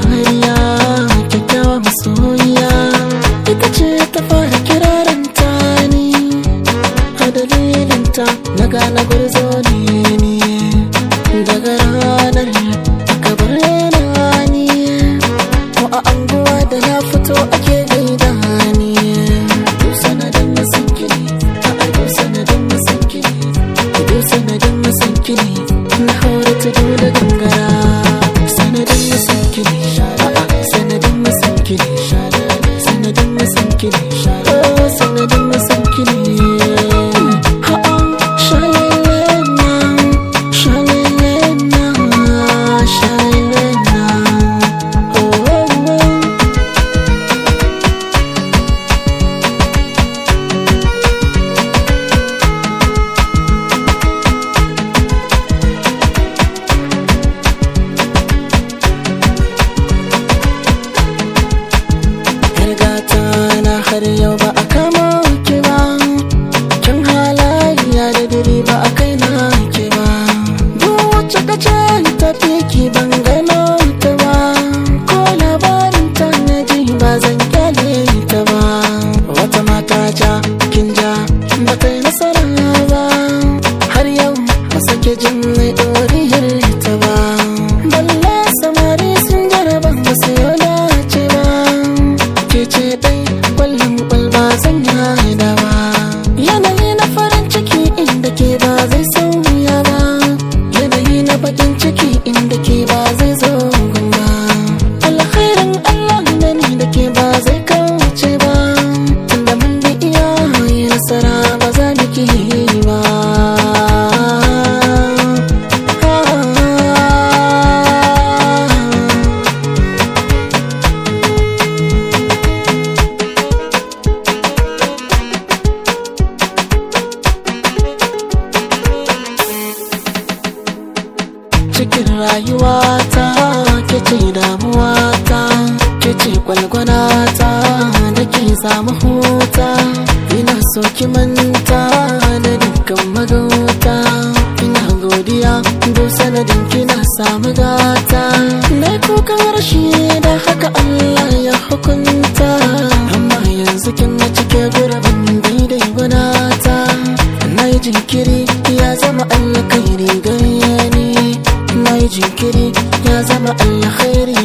ta hanya kyakkyawa masoyiya ita ce ta fara kirarin ta ni a dalilinta na gane gwarzo ne rayuwata ke ce damuwata ke ce ta, da ke samu huta ina so ki manta da dukkan magauta ina godiya do sanadin kina samu gata na kukan rashi da haka Allah ya hukunta amma la